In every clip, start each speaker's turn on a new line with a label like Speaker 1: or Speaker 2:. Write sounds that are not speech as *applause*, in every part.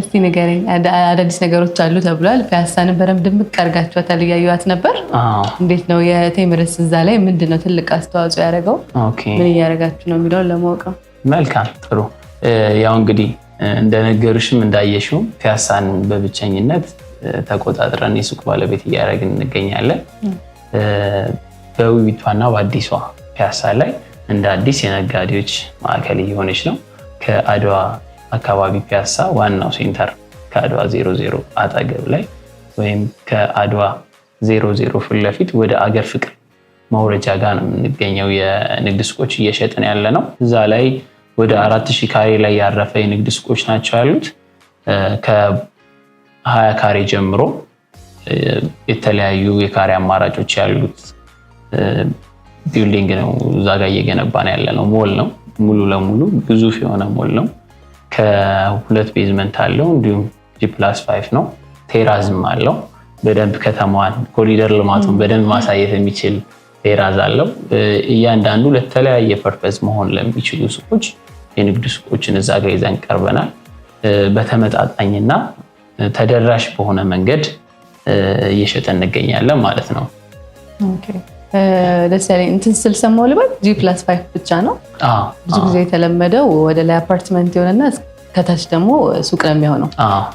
Speaker 1: እስቲ ንገረኝ፣ አዳዲስ ነገሮች አሉ ተብሏል። ፒያሳንም በደምብ ድምቅ አድርጋችኋታል፣ እያየኋት ነበር። እንዴት ነው የቴምርስ? እዛ ላይ ምንድን ነው ትልቅ አስተዋጽኦ ያደረገው? ምን እያደረጋችሁ ነው የሚለውን ለማወቅ ነው።
Speaker 2: መልካም ጥሩ። ያው እንግዲህ እንደነገሩሽም እንዳየሽውም ፒያሳን በብቸኝነት ተቆጣጥረን የሱቅ ባለቤት እያደረግን እንገኛለን። በውቢቷና በአዲሷ ፒያሳ ላይ እንደ አዲስ የነጋዴዎች ማዕከል እየሆነች ነው ከአድዋ አካባቢ ፒያሳ ዋናው ሴንተር ከአድዋ ዜሮ ዜሮ አጠገብ ላይ ወይም ከአድዋ ዜሮ ዜሮ ፊት ለፊት ወደ አገር ፍቅር መውረጃ ጋር ነው የምንገኘው። የንግድ ሱቆች እየሸጥን ያለ ነው። እዛ ላይ ወደ አራት ሺህ ካሬ ላይ ያረፈ የንግድ ሱቆች ናቸው ያሉት። ከሀያ ካሬ ጀምሮ የተለያዩ የካሬ አማራጮች ያሉት ቢልዲንግ ነው። እዛ ጋር እየገነባን ያለ ነው። ሞል ነው ሙሉ ለሙሉ ግዙፍ የሆነ ሞል ነው። ከሁለት ቤዝመንት አለው። እንዲሁም ፕላስ ፋይቭ ነው። ቴራዝም አለው። በደንብ ከተማዋን ኮሪደር ልማቱን በደንብ ማሳየት የሚችል ቴራዝ አለው። እያንዳንዱ ለተለያየ ፐርፐዝ መሆን ለሚችሉ ሱቆች የንግድ ሱቆችን እዛ ጋር ይዘን ቀርበናል። በተመጣጣኝና ተደራሽ በሆነ መንገድ እየሸጠ እንገኛለን ማለት ነው።
Speaker 1: ለምሳሌ እንትን ስል ሰማው ልበል ጂ ፕላስ ፋይቭ ብቻ ነው ብዙ ጊዜ የተለመደው ወደ ላይ አፓርትመንት የሆነና ከታች ደግሞ ሱቅ ነው የሚሆነው።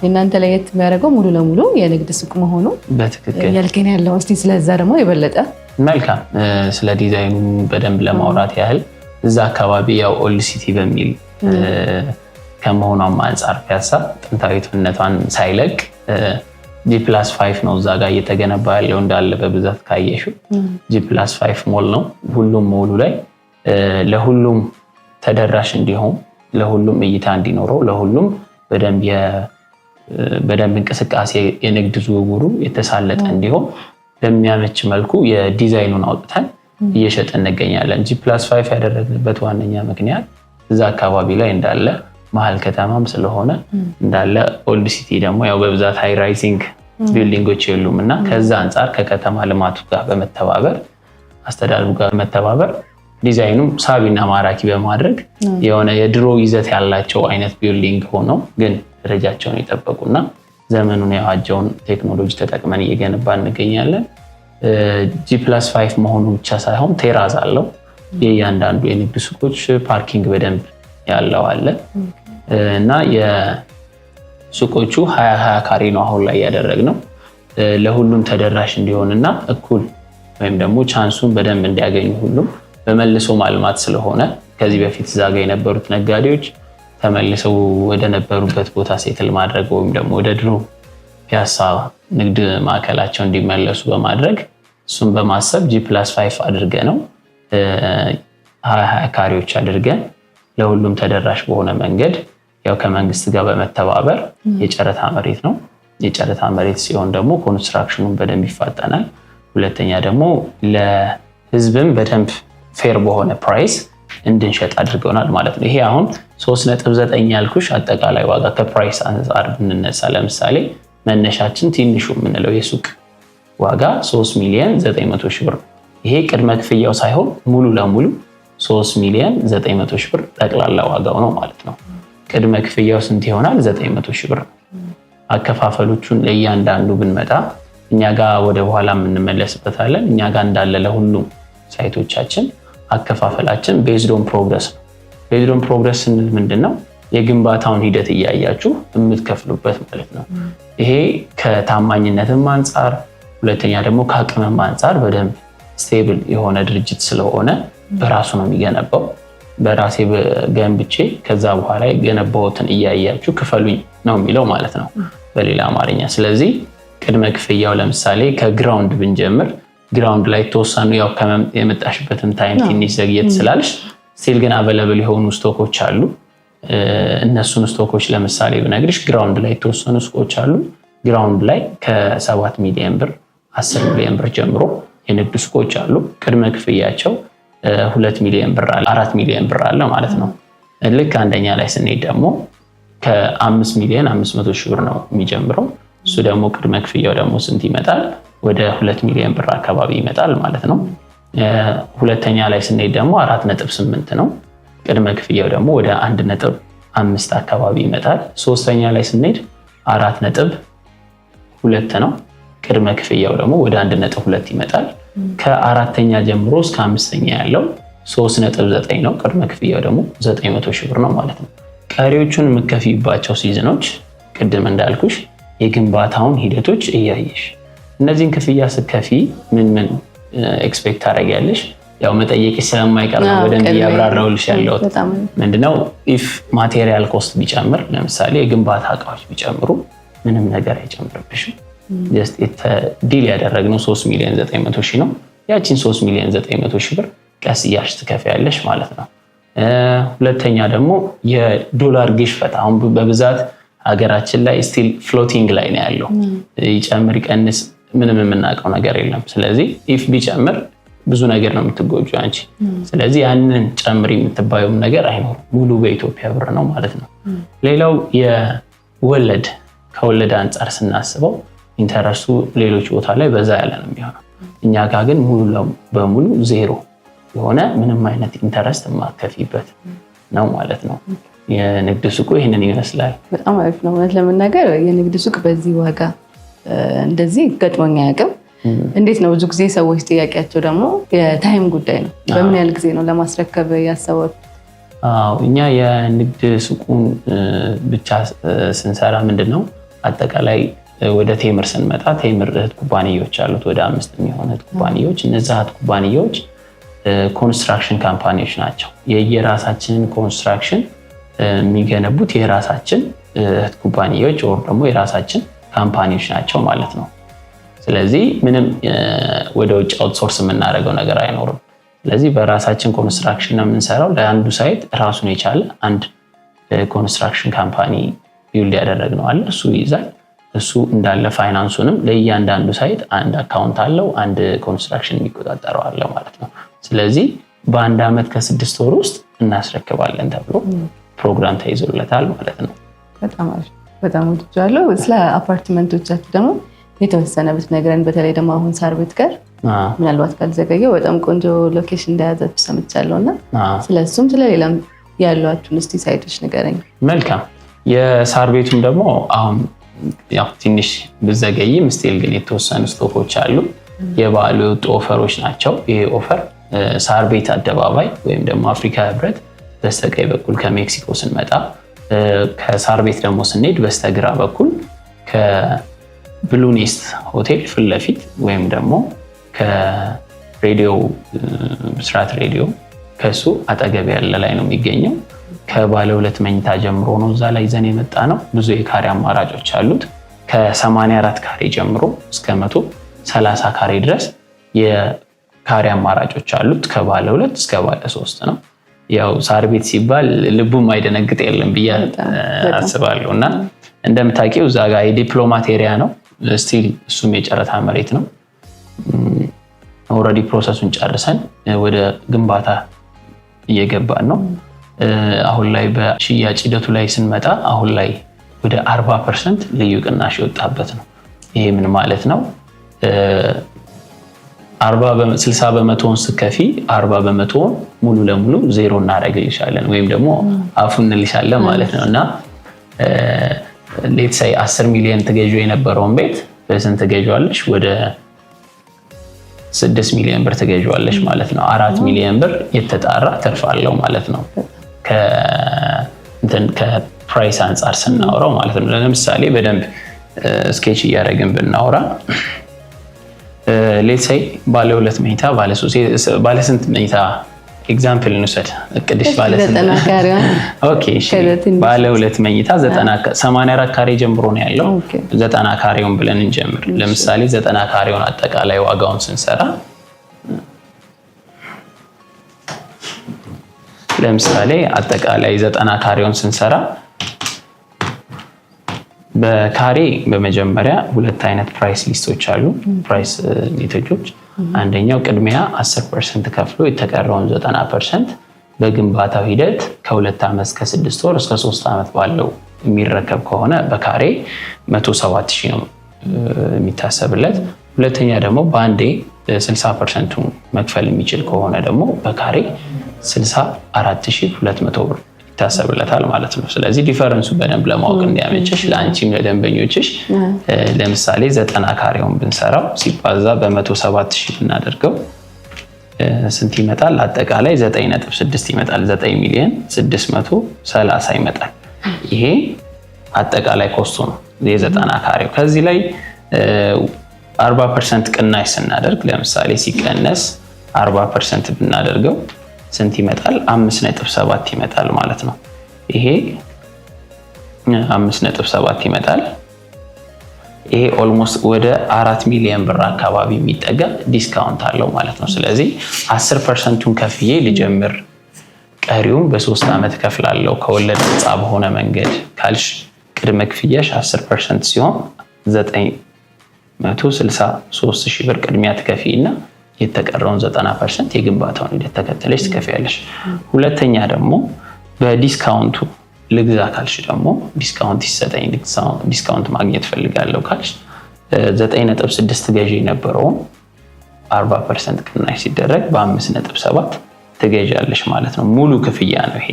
Speaker 1: የእናንተ ለየት የሚያደርገው ሙሉ ለሙሉ የንግድ ሱቅ መሆኑ
Speaker 2: በትክክል
Speaker 1: ያለው። እስኪ ስለዛ ደግሞ የበለጠ
Speaker 2: መልካም ስለ ዲዛይኑ በደንብ ለማውራት ያህል እዛ አካባቢ ያው ኦልድ ሲቲ በሚል ከመሆኗም አንጻር ፒያሳ ጥንታዊትነቷን ሳይለቅ ጂ ፕላስ ፋይቭ ነው እዛ ጋር እየተገነባ ያለው እንዳለ በብዛት ካየሽው ጂ ፕላስ ፋይቭ ሞል ነው። ሁሉም ሞሉ ላይ ለሁሉም ተደራሽ እንዲሆን፣ ለሁሉም እይታ እንዲኖረው፣ ለሁሉም በደንብ እንቅስቃሴ የንግድ ዝውውሩ የተሳለጠ እንዲሆን በሚያመች መልኩ የዲዛይኑን አውጥተን እየሸጠ እንገኛለን። ጂ ፕላስ ፋይቭ ያደረግንበት ዋነኛ ምክንያት እዛ አካባቢ ላይ እንዳለ መሀል ከተማም ስለሆነ እንዳለ ኦልድ ሲቲ ደግሞ ያው በብዛት ሃይ ራይዚንግ ቢልዲንጎች የሉም እና ከዛ አንጻር ከከተማ ልማቱ ጋር በመተባበር አስተዳደሩ ጋር በመተባበር ዲዛይኑም ሳቢና ማራኪ በማድረግ የሆነ የድሮ ይዘት ያላቸው አይነት ቢልዲንግ ሆነው ግን ደረጃቸውን የጠበቁና ዘመኑን የዋጀውን ቴክኖሎጂ ተጠቅመን እየገነባ እንገኛለን። ፕላስ ፋይቭ መሆኑ ብቻ ሳይሆን ቴራዝ አለው። የእያንዳንዱ የንግድ ሱቆች ፓርኪንግ በደንብ ያለው አለ። እና የሱቆቹ ሀያ ሀያ ካሬ ነው አሁን ላይ ያደረግነው ለሁሉም ተደራሽ እና እኩል ወይም ደግሞ ቻንሱን በደንብ እንዲያገኙ ሁሉም በመልሶ ማልማት ስለሆነ ከዚህ በፊት እዛ ጋ የነበሩት ነጋዴዎች ተመልሰው ወደነበሩበት ቦታ ሴትል ማድረግ ወይም ደግሞ ወደ ድሮ ፒያሳ ንግድ ማዕከላቸው እንዲመለሱ በማድረግ እሱም በማሰብ ጂ ፕላስ ፋይፍ አድርገ ነው ሀያ ካሬዎች አድርገን ለሁሉም ተደራሽ በሆነ መንገድ ያው ከመንግስት ጋር በመተባበር የጨረታ መሬት ነው። የጨረታ መሬት ሲሆን ደግሞ ኮንስትራክሽኑን በደንብ ይፋጠናል። ሁለተኛ ደግሞ ለህዝብም በደንብ ፌር በሆነ ፕራይስ እንድንሸጥ አድርገውናል ማለት ነው። ይሄ አሁን 3.9 ያልኩሽ አጠቃላይ ዋጋ ከፕራይስ አንጻር ብንነሳ ለምሳሌ መነሻችን ትንሹ የምንለው የሱቅ ዋጋ 3 ሚሊዮን 900 ሺህ ብር ነው። ይሄ ቅድመ ክፍያው ሳይሆን ሙሉ ለሙሉ 3 ሚሊዮን 900 ሺህ ብር ጠቅላላ ዋጋው ነው ማለት ነው። ቅድመ ክፍያው ስንት ይሆናል? ዘጠኝ መቶ ሺህ ብር ነው። አከፋፈሎቹን ለእያንዳንዱ ብንመጣ እኛ ጋ ወደ በኋላ የምንመለስበታለን። እኛ ጋ እንዳለ ለሁሉም ሳይቶቻችን አከፋፈላችን ቤዝዶን ፕሮግረስ ነው። ቤዝዶን ፕሮግረስ ስንል ምንድን ነው? የግንባታውን ሂደት እያያችሁ የምትከፍሉበት ማለት ነው። ይሄ ከታማኝነትም አንጻር፣ ሁለተኛ ደግሞ ከአቅምም አንጻር በደንብ ስቴብል የሆነ ድርጅት ስለሆነ በራሱ ነው የሚገነባው። በራሴ ገንብቼ ከዛ በኋላ የገነባሁትን እያያችሁ ክፈሉኝ ነው የሚለው ማለት ነው በሌላ አማርኛ። ስለዚህ ቅድመ ክፍያው ለምሳሌ ከግራውንድ ብንጀምር ግራውንድ ላይ ተወሰኑ ያው የመጣሽበትም ታይም ትንሽ ዘግየት ስላልሽ ስቲል ግን አበለብል የሆኑ ስቶኮች አሉ። እነሱን ስቶኮች ለምሳሌ ብነግርሽ ግራውንድ ላይ የተወሰኑ ስቆች አሉ። ግራውንድ ላይ ከሰባት ሚሊዮን ብር አስር ሚሊዮን ብር ጀምሮ የንግድ ሱቆች አሉ። ቅድመ ክፍያቸው ሁለት ሚሊዮን ብር አለ፣ አራት ሚሊዮን ብር አለ ማለት ነው። ልክ አንደኛ ላይ ስንሄድ ደግሞ ከአምስት ሚሊዮን አምስት መቶ ሺህ ብር ነው የሚጀምረው። እሱ ደግሞ ቅድመ ክፍያው ደግሞ ስንት ይመጣል? ወደ ሁለት ሚሊዮን ብር አካባቢ ይመጣል ማለት ነው። ሁለተኛ ላይ ስንሄድ ደግሞ አራት ነጥብ ስምንት ነው። ቅድመ ክፍያው ደግሞ ወደ አንድ ነጥብ አምስት አካባቢ ይመጣል። ሶስተኛ ላይ ስንሄድ አራት ነጥብ ሁለት ነው። ቅድመ ክፍያው ደግሞ ወደ አንድ ነጥብ ሁለት ይመጣል። ከአራተኛ ጀምሮ እስከ አምስተኛ ያለው 3.9 ነው። ቅድመ ክፍያው ደግሞ 900 ሺህ ብር ነው ማለት ነው። ቀሪዎቹን የምከፊባቸው ሲዝኖች ቅድም እንዳልኩሽ የግንባታውን ሂደቶች እያየሽ እነዚህን ክፍያ ስከፊ ምን ምን ኤክስፔክት ታደርጊያለሽ? ያው መጠየቅ ስለማይቀር ነው በደንብ እያብራራሁልሽ ያለሁት። ምንድነው ኢፍ ማቴሪያል ኮስት ቢጨምር፣ ለምሳሌ የግንባታ እቃዎች ቢጨምሩ ምንም ነገር አይጨምርብሽም። ዲል uh, ያደረግነው 3 ሚሊዮን 900 ሺህ ነው። ያቺን 3 ሚሊዮን 900 ሺህ ብር ቀስ እያልሽ ትከፍያለሽ ማለት ነው። ሁለተኛ ደግሞ የዶላር ግሽበት አሁን በብዛት ሀገራችን ላይ ስቲል ፍሎቲንግ ላይ ነው ያለው። ይጨምር ይቀንስ ምንም የምናውቀው ነገር የለም። ስለዚህ ኢፍ ቢጨምር ብዙ ነገር ነው የምትጎጁ አንቺ። ስለዚህ ያንን ጨምር የምትባየውም ነገር አይኖርም። ሙሉ በኢትዮጵያ ብር ነው ማለት ነው። ሌላው የወለድ ከወለድ አንጻር ስናስበው ኢንተረስቱ ሌሎች ቦታ ላይ በዛ ያለ ነው የሚሆነው። እኛ ጋር ግን ሙሉ በሙሉ ዜሮ የሆነ ምንም አይነት ኢንተረስት የማከፊበት ነው ማለት ነው። የንግድ ሱቁ ይህንን ይመስላል።
Speaker 1: በጣም አሪፍ ነው። እውነት ለመናገር የንግድ ሱቅ በዚህ ዋጋ እንደዚህ ገጥሞኝ አያውቅም። እንዴት ነው ብዙ ጊዜ ሰዎች ጥያቄያቸው ደግሞ የታይም ጉዳይ ነው። በምን ያህል ጊዜ ነው ለማስረከብ ያሰባል?
Speaker 2: እኛ የንግድ ሱቁን ብቻ ስንሰራ ምንድን ነው አጠቃላይ ወደ ቴምር ስንመጣ ቴምር እህት ኩባንያዎች አሉት ወደ አምስት የሚሆን እህት ኩባንያዎች። እነዚ እህት ኩባንያዎች ኮንስትራክሽን ካምፓኒዎች ናቸው። የየራሳችንን ኮንስትራክሽን የሚገነቡት የራሳችን እህት ኩባንያዎች ወይም ደግሞ የራሳችን ካምፓኒዎች ናቸው ማለት ነው። ስለዚህ ምንም ወደ ውጭ አውትሶርስ የምናደርገው ነገር አይኖርም። ስለዚህ በራሳችን ኮንስትራክሽን ነው የምንሰራው። ለአንዱ ሳይት ራሱን የቻለ አንድ ኮንስትራክሽን ካምፓኒ ቢውልድ ያደረግነዋል እሱ ይይዛል እሱ እንዳለ ፋይናንሱንም ለእያንዳንዱ ሳይት አንድ አካውንት አለው፣ አንድ ኮንስትራክሽን የሚቆጣጠረው አለ ማለት ነው። ስለዚህ በአንድ ዓመት ከስድስት ወር ውስጥ እናስረክባለን ተብሎ ፕሮግራም ተይዞለታል ማለት ነው።
Speaker 1: በጣም ወድጃለሁ። ስለ አፓርትመንቶቻችሁ ደግሞ የተወሰነ ብትነግረን፣ በተለይ ደግሞ አሁን ሳር ቤት ጋር ምናልባት ካልዘገየ በጣም ቆንጆ ሎኬሽን እንደያዛችሁ ሰምቻለሁ እና ስለሱም ስለሌላም ያሏችሁን እስቲ ሳይቶች ንገረኝ።
Speaker 2: መልካም የሳር ቤቱም ደግሞ አሁን ያው ትንሽ ብዘገይም ስቲል ግን የተወሰኑ ስቶኮች አሉ። የባሉ ኦፈሮች ናቸው። ይሄ ኦፈር ሳር ቤት አደባባይ ወይም ደግሞ አፍሪካ ህብረት በስተቀኝ በኩል ከሜክሲኮ ስንመጣ፣ ከሳር ቤት ደግሞ ስንሄድ በስተግራ በኩል ከብሉኔስት ሆቴል ፊት ለፊት ወይም ደግሞ ከሬዲዮ ብስራት ሬዲዮ ከሱ አጠገብ ያለ ላይ ነው የሚገኘው። ከባለ ሁለት መኝታ ጀምሮ ነው እዛ ላይ ይዘን የመጣ ነው። ብዙ የካሬ አማራጮች አሉት። ከ84 ካሬ ጀምሮ እስከ 130 ካሬ ድረስ የካሬ አማራጮች አሉት። ከባለ ሁለት እስከ ባለ ሶስት ነው። ያው ሳር ቤት ሲባል ልቡም አይደነግጥ የለም ብዬ አስባለሁ እና እንደምታውቂው እዛ ጋ የዲፕሎማት ኤሪያ ነው። ስቲል እሱም የጨረታ መሬት ነው። ኦልሬዲ ፕሮሰሱን ጨርሰን ወደ ግንባታ እየገባን ነው። አሁን ላይ በሽያጭ ሂደቱ ላይ ስንመጣ አሁን ላይ ወደ 40 ፐርሰንት ልዩ ቅናሽ የወጣበት ነው። ይሄ ምን ማለት ነው? 60 በመቶውን ስከፊ 40 በመቶውን ሙሉ ለሙሉ ዜሮ እናደርግልሻለን ወይም ደግሞ አፉ እንልሻለን ማለት ነው እና ሌትሳይ 10 ሚሊዮን ትገዢ የነበረውን ቤት በስንት ትገዢዋለሽ? ወደ 6 ሚሊዮን ብር ትገዢዋለሽ ማለት ነው። አራት ሚሊዮን ብር የተጣራ ትርፍ አለው ማለት ነው። ከፕራይስ አንጻር ስናወራው ማለት ነው። ለምሳሌ በደንብ ስኬች እያደረግን ብናወራ ሌትሳይ ባለ ሁለት መኝታ ባለ ስንት መኝታ ኤግዛምፕል እንውሰድ። እቅድሽ
Speaker 1: *laughs*
Speaker 2: ባለ ሁለት መኝታ 84 ካሬ ጀምሮ ነው ያለው። ዘጠና ካሬውን ብለን እንጀምር። ለምሳሌ ዘጠና ካሬውን አጠቃላይ ዋጋውን ስንሰራ ለምሳሌ አጠቃላይ ዘጠና ካሬውን ስንሰራ በካሬ በመጀመሪያ ሁለት አይነት ፕራይስ ሊስቶች አሉ። ፕራይስ uh, ሊቶች አንደኛው ቅድሚያ 10 ፐርሰንት ከፍሎ የተቀረውን 90 ፐርሰንት በግንባታው ሂደት ከሁለት ዓመት እስከ ስድስት ወር እስከ ሶስት ዓመት ባለው የሚረከብ ከሆነ በካሬ 107 ሺህ ነው uh, የሚታሰብለት። ሁለተኛ ደግሞ በአንዴ 60 ፐርሰንቱን መክፈል የሚችል ከሆነ ደግሞ በካሬ 64200 ብር ይታሰብለታል ማለት ነው። ስለዚህ ዲፈረንሱ በደንብ ለማወቅ እንዲያመችሽ ለአንቺም ለደንበኞችሽ ለምሳሌ ዘጠና ካሬውን ብንሰራው ሲባዛ በ107 ሺህ ብናደርገው ስንት ይመጣል? አጠቃላይ 9.6 ይመጣል። 9 ሚሊዮን 630 ይመጣል። ይሄ አጠቃላይ ኮስቱ ነው የዘጠና ካሬው ከዚህ ላይ አርባ ፐርሰንት ቅናሽ ስናደርግ ለምሳሌ ሲቀነስ አርባ ፐርሰንት ብናደርገው ስንት ይመጣል? አምስት ነጥብ ሰባት ይመጣል ማለት ነው። ይሄ አምስት ነጥብ ሰባት ይመጣል። ይሄ ኦልሞስት ወደ አራት ሚሊዮን ብር አካባቢ የሚጠጋ ዲስካውንት አለው ማለት ነው። ስለዚህ አስር ፐርሰንቱን ከፍዬ ልጀምር፣ ቀሪውም በሶስት ዓመት ከፍላለው ከወለድ ነፃ በሆነ መንገድ ካልሽ ቅድመ ክፍያሽ አስር ፐርሰንት ሲሆን ዘጠኝ 163 ሺህ ብር ቅድሚያ ትከፊ እና የተቀረውን 90 ፐርሰንት የግንባታውን ሂደት ተከተለች ትከፍያለሽ። ሁለተኛ ደግሞ በዲስካውንቱ ልግዛ ካልሽ ደግሞ ዲስካውንት ይሰጠኝ ዲስካውንት ማግኘት ፈልጋለሁ ካልሽ 9.6 ገዢ የነበረውን 40 ፐርሰንት ቅናሽ ሲደረግ በ5.7 ትገዣለሽ ማለት ነው። ሙሉ ክፍያ ነው ይሄ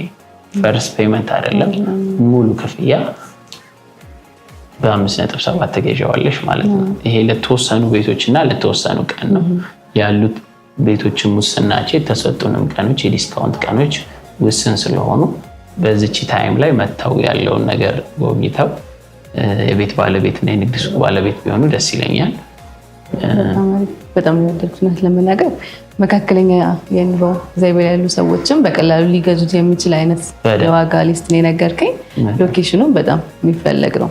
Speaker 2: ፈርስት ፔመንት አይደለም፣ ሙሉ ክፍያ በአምስት ነጥብ ሰባት ተገዣዋለሽ ማለት ነው። ይሄ ለተወሰኑ ቤቶች እና ለተወሰኑ ቀን ነው ያሉት ቤቶችም ውስን ናቸው። የተሰጡንም ቀኖች የዲስካውንት ቀኖች ውስን ስለሆኑ በዚች ታይም ላይ መጥተው ያለውን ነገር ጎብኝተው የቤት ባለቤትና የንግድ ሱቅ ባለቤት ቢሆኑ ደስ ይለኛል።
Speaker 1: በጣም የወደድኩት ናት ለመናገር መካከለኛ የኑሮ ዘይቤ ላይ ያሉ ሰዎችም በቀላሉ ሊገዙት የሚችል አይነት የዋጋ ሊስት ነው የነገርከኝ። ሎኬሽኑ በጣም የሚፈለግ ነው።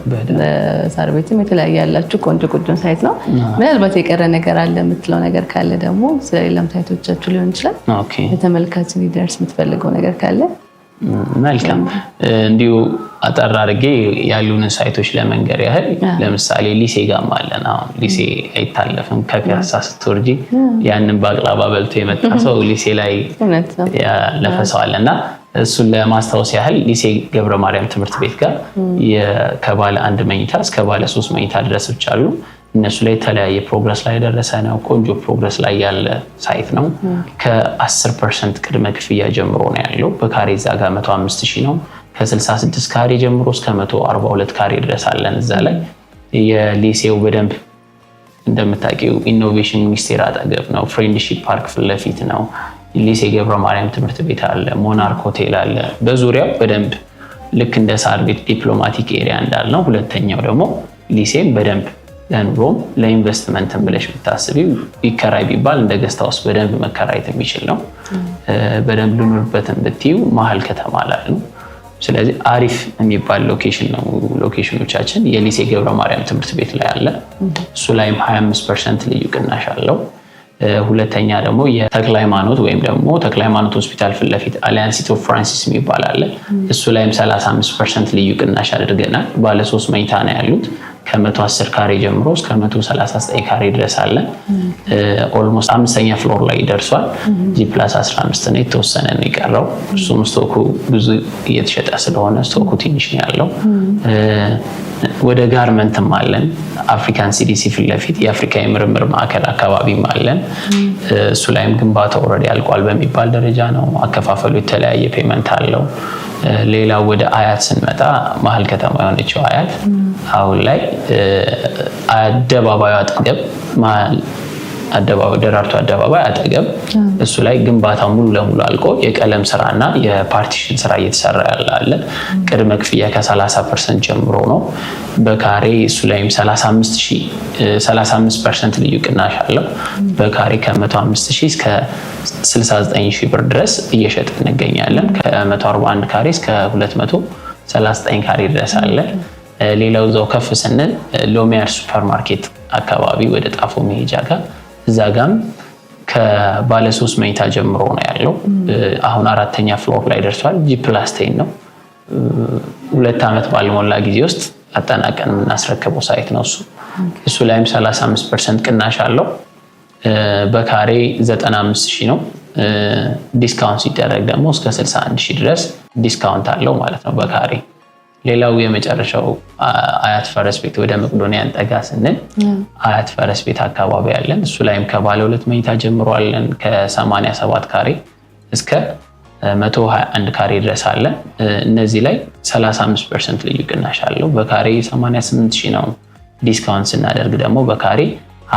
Speaker 1: ሳር ቤትም የተለያየ ያላችሁ ቆንጆ ቆንጆ ሳይት ነው። ምናልባት የቀረ ነገር አለ የምትለው ነገር ካለ ደግሞ ስለሌላም ሳይቶቻችሁ ሊሆን ይችላል። ለተመልካች ሊደርስ የምትፈልገው ነገር ካለ
Speaker 2: መልካም እንዲሁ አጠር አድርጌ ያሉን ሳይቶች ለመንገር ያህል ለምሳሌ ሊሴ ጋም አለን። አሁን ሊሴ አይታለፍም። ከፒያሳ ስትወርጂ ያንን በአቅራባ በልቶ የመጣ ሰው ሊሴ ላይ ያለፈ ሰው አለ እና እሱን ለማስታወስ ያህል ሊሴ ገብረ ማርያም ትምህርት ቤት ጋር ከባለ አንድ መኝታ እስከ ባለ ሶስት መኝታ ድረስ ብቻ አሉ። እነሱ ላይ የተለያየ ፕሮግረስ ላይ የደረሰ ነው። ቆንጆ ፕሮግረስ ላይ ያለ ሳይት ነው። ከ10 ፐርሰንት ቅድመ ክፍያ ጀምሮ ነው ያለው። በካሬ እዛ ጋር 105 ሺህ ነው። ከ66 ካሬ ጀምሮ እስከ 142 ካሬ ድረስ አለን እዛ ላይ የሊሴው በደንብ እንደምታውቂው ኢኖቬሽን ሚኒስቴር አጠገብ ነው። ፍሬንድሺፕ ፓርክ ፊት ለፊት ነው። ሊሴ ገብረ ማርያም ትምህርት ቤት አለ። ሞናርክ ሆቴል አለ። በዙሪያው በደንብ ልክ እንደ ሳር ቤት ዲፕሎማቲክ ኤሪያ እንዳልነው፣ ሁለተኛው ደግሞ ሊሴም በደንብ ለኑሮም ለኢንቨስትመንትም ብለሽ ብታስቢ ይከራይ ቢባል እንደ ገስት በደንብ መከራየት የሚችል ነው። በደንብ ልኑርበትን ብትዩ መሀል ከተማ ላይ ነው። ስለዚህ አሪፍ የሚባል ሎኬሽን ነው። ሎኬሽኖቻችን የሊሴ ገብረ ማርያም ትምህርት ቤት ላይ አለ። እሱ ላይም 25 ፐርሰንት ልዩ ቅናሽ አለው። ሁለተኛ ደግሞ የተክለ ሃይማኖት ወይም ደግሞ ተክለ ሃይማኖት ሆስፒታል ፊት ለፊት አሊያንስ ኢትዮ ፍራንሲስ የሚባል አለ። እሱ ላይም 35 ፐርሰንት ልዩ ቅናሽ አድርገናል። ባለሶስት መኝታ ነው ያሉት ከመቶ አስር ካሬ ጀምሮ እስከ መቶ ዘጠኝ ካሬ ድረስ አለ። ኦልሞስት አምስተኛ ፍሎር ላይ ደርሷል። ጂ ፕላስ 15 ነው፣ የተወሰነ ነው የቀረው። እሱም ስቶኩ ብዙ እየተሸጠ ስለሆነ ስቶኩ ትንሽ ነው ያለው። ወደ ጋርመንትም አለን። አፍሪካን ሲዲሲ ፊት ለፊት የአፍሪካ የምርምር ማዕከል አካባቢም አለን። እሱ ላይም ግንባታ ኦልሬዲ አልቋል በሚባል ደረጃ ነው። አከፋፈሉ የተለያየ ፔመንት አለው። ሌላው ወደ አያት ስንመጣ መሀል ከተማ የሆነችው አያት አሁን ላይ አደባባዩ አጠገብ ደራርቱ አደባባይ አጠገብ እሱ ላይ ግንባታ ሙሉ ለሙሉ አልቆ የቀለም ስራና የፓርቲሽን ስራ እየተሰራ ያለ ቅድመ ክፍያ ከ30 ፐርሰንት ጀምሮ ነው። በካሬ እሱ ላይም 35 ፐርሰንት ልዩ ቅናሽ አለው። በካሬ ከ105 እስከ 69 ብር ድረስ እየሸጥ እንገኛለን። ከ141 ካሬ እስከ 239 ካሬ ድረስ አለ። ሌላው እዛው ከፍ ስንል ሎሚያር ሱፐርማርኬት አካባቢ ወደ ጣፎ መሄጃ ጋር እዛ ጋም ከባለ ሶስት መኝታ ጀምሮ ነው ያለው። አሁን አራተኛ ፍሎር ላይ ደርሷል። ጂ ፕላስቴን ነው። ሁለት ዓመት ባልሞላ ጊዜ ውስጥ አጠናቀን የምናስረከበው ሳይት ነው እሱ። እሱ ላይም 35 ፐርሰንት ቅናሽ አለው። በካሬ 95 ሺህ ነው። ዲስካውንት ሲደረግ ደግሞ እስከ 61 ሺህ ድረስ ዲስካውንት አለው ማለት ነው በካሬ ሌላው የመጨረሻው አያት ፈረስ ቤት ወደ መቅዶኒያን ጠጋ ስንል አያት ፈረስ ቤት አካባቢ አለን። እሱ ላይም ከባለ ሁለት መኝታ ጀምሮ አለን ከ87 ካሬ እስከ 121 ካሬ ድረስ አለን። እነዚህ ላይ 35 ፐርሰንት ልዩ ቅናሽ አለው። በካሬ 88 ሺ ነው። ዲስካውንት ስናደርግ ደግሞ በካሬ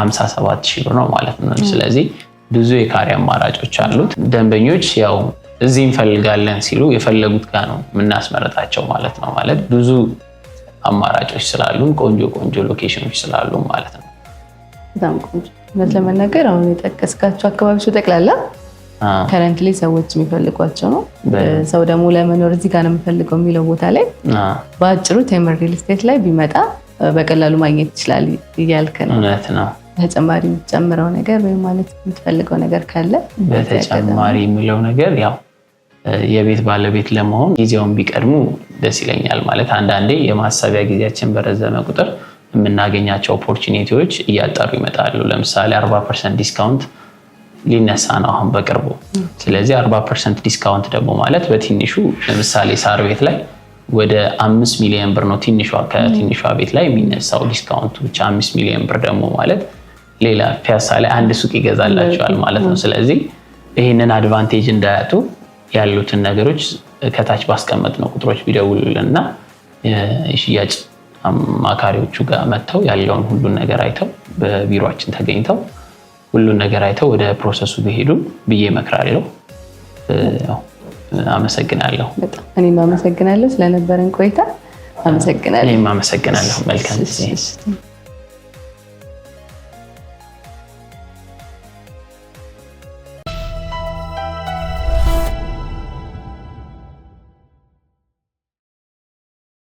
Speaker 2: 57 ብር ነው ማለት ነው። ስለዚህ ብዙ የካሬ አማራጮች አሉት። ደንበኞች ያው እዚህ እንፈልጋለን ሲሉ የፈለጉት ጋር ነው የምናስመረጣቸው ማለት ነው። ማለት ብዙ አማራጮች ስላሉን ቆንጆ ቆንጆ ሎኬሽኖች ስላሉ ማለት ነው።
Speaker 1: በጣም ቆንጆ እውነት ለመናገር አሁን የጠቀስካቸው አካባቢ ጠቅላላ ከረንትሊ ሰዎች የሚፈልጓቸው ነው። ሰው ደግሞ ለመኖር እዚህ ጋር ነው የምፈልገው የሚለው ቦታ ላይ በአጭሩ ቴምር ሪል ስቴት ላይ ቢመጣ በቀላሉ ማግኘት ይችላል እያልክ ነው። እውነት ነው። ተጨማሪ የምትጨምረው ነገር ወይም ማለት የምትፈልገው ነገር ካለ
Speaker 2: በተጨማሪ የሚለው ነገር ያው የቤት ባለቤት ለመሆን ጊዜውን ቢቀድሙ ደስ ይለኛል። ማለት አንዳንዴ የማሳቢያ ጊዜያችን በረዘመ ቁጥር የምናገኛቸው ኦፖርቹኒቲዎች እያጠሩ ይመጣሉ። ለምሳሌ 40 ፐርሰንት ዲስካውንት ሊነሳ ነው አሁን በቅርቡ። ስለዚህ 40 ፐርሰንት ዲስካውንት ደግሞ ማለት በትንሹ ለምሳሌ ሳር ቤት ላይ ወደ አምስት ሚሊዮን ብር ነው ትንሿ ከትንሿ ቤት ላይ የሚነሳው ዲስካውንቱ ብቻ። አምስት ሚሊዮን ብር ደግሞ ማለት ሌላ ፒያሳ ላይ አንድ ሱቅ ይገዛላቸዋል ማለት ነው። ስለዚህ ይህንን አድቫንቴጅ እንዳያጡ ያሉትን ነገሮች ከታች ባስቀመጥ ነው ቁጥሮች ቢደውሉልና የሽያጭ አማካሪዎቹ ጋር መጥተው ያለውን ሁሉን ነገር አይተው በቢሮችን ተገኝተው ሁሉን ነገር አይተው ወደ ፕሮሰሱ ቢሄዱ ብዬ እመክራለሁ። አመሰግናለሁ።
Speaker 1: እኔም አመሰግናለሁ ስለነበረን ቆይታ አመሰግናለሁ።
Speaker 2: እኔም አመሰግናለሁ። መልካም ጊዜ